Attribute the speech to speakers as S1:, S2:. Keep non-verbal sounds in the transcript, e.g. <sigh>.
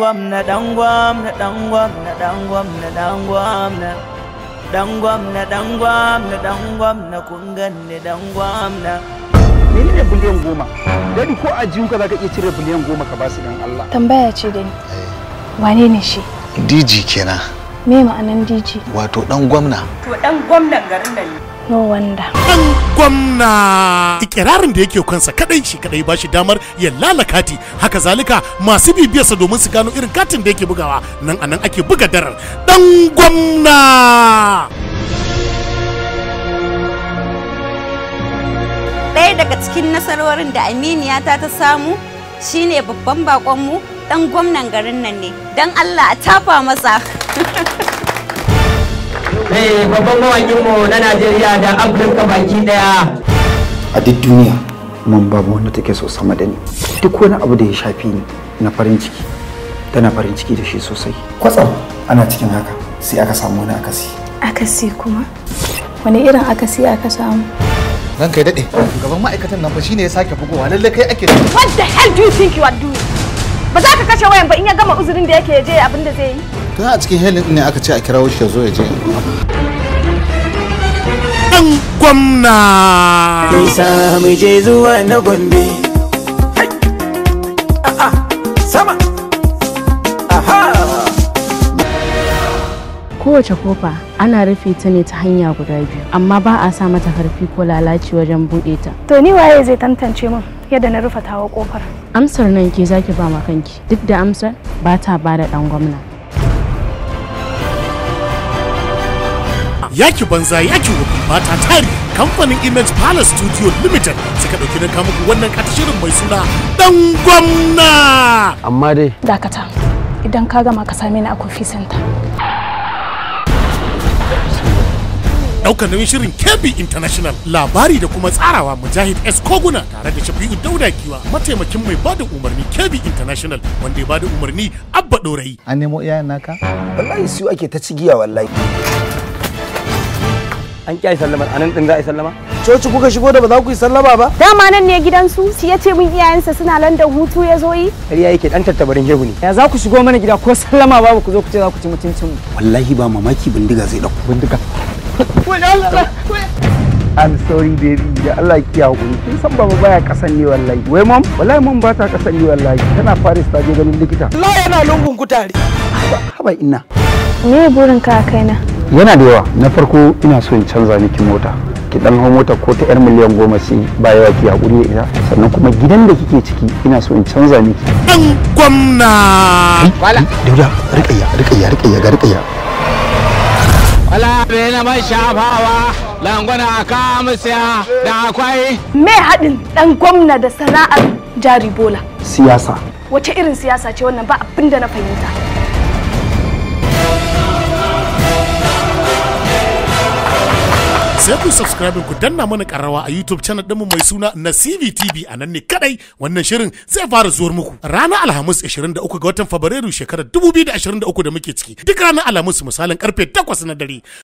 S1: gwamna dan gwamna dan gwamna dan gwamna dan gwamna dan gwamna dan gwamna dan gwamna kun ganni dan gwamna mene ne biliyan goma dadi ko a jiyunka zaka iya cire biliyan goma ka basu dan Allah tambaya ce da ni eh. wane ne shi diji kenan me ma'anan diji wato dan gwamna to dan gwamnan garin nan ne no wanda ɗan gwamna ikirarin da yake kansa kaɗai shi ba bashi damar ya lala kati haka zalika masu bibiyarsa domin su gano irin katin da yake bugawa nan anan ake buga darar ɗan gwamna ɗaya daga cikin nasarorin da aminiyata ta samu shine babban bakonmu ɗan gwamnan garin nan ne don allah a tafa masa <laughs> Eh, babban mawakinmu na najeriya da afirka baki daya a duk duniya man babu wanda take so sama da ni duk wani abu da ya shafi ni na farin ciki tana farin ciki da shi sosai kwatsam ana cikin haka sai aka samu wani akasi akasi kuma wani irin akasi aka samu ranka kai daɗe gaban ma'aikatan nan fa shine ya sake bugowa lalle kai ake what the hell do you think you are doing ba za ka kashe wayan ba in ya gama uzurin da yake ya je abin da zai yi tun a cikin helin ne aka ce a kirawo shi zo ya je dan gwamna isa mu je zuwa na gombe kowace kofa ana rufe ta ne ta hanya guda biyu amma ba a sa mata karfi ko lalaci wajen buɗe ta to ni waye zai tantance min yadda na rufe tawa kofar amsar nan ke zaki ba ma kanki duk da amsar ba ta ba da dan gwamna yaki banza yaki wukun ba ta tari kamfanin image palace studio limited suka ɗauki na kama wannan kata shirin mai suna dan gwamna amma dai dakata idan ka gama ka same ni a kofi center nauyin shirin KB International labari da kuma tsarawa Mujahid S Koguna tare da Shafi'u Dauda Kiwa mataimakin mai bada umarni KB International wanda ya bada umarni Abba Dorayi. An nemo iyayen naka? Wallahi su ake ta cigiya wallahi. an ƙi sallama a nan ɗin za a yi sallama coci kuka shigo da ba za ku yi sallama ba dama nan ne gidansu shi ya ce min iyayensa suna landan hutu ya zo yi ƙarya yake ɗan tattabarin shehu ne ya za ku shigo mana gida ko sallama babu ku zo ku ce za ku ci mutuncin mu wallahi ba mamaki bindiga zai dauko bindiga I'm sorry baby da Allah ki hakuri kin san baba baya kasan ne wallahi wai mom wallahi mom ba ta kasan ne wallahi tana Paris ta je ganin likita Allah yana lungun kutare haba inna me burin ka kaina yana da yawa na farko ina so in canza miki mota ki dan hau mota ko ta yar miliyan goma ce ba yawa ki hakuri da ita sannan kuma gidan da kike ciki ina so in canza miki dan gwamna wala dauda rikayya rikayya rikayya ga rikayya wala bai na mai shafawa langwana ka musiya da akwai me haɗin dan gwamna da sana'ar jari bola siyasa wace irin siyasa ce wannan ba abinda na fahimta sai ku subscribe ku danna mana karawa a YouTube channel ɗinmu mai suna na tv a nan ne kadai wannan shirin zai fara zuwar muku. Ranar Alhamis 23 ga watan Fabrairu shekarar 2023 da muke ciki. Duk ranar Alhamis misalin karfe 8 na dare.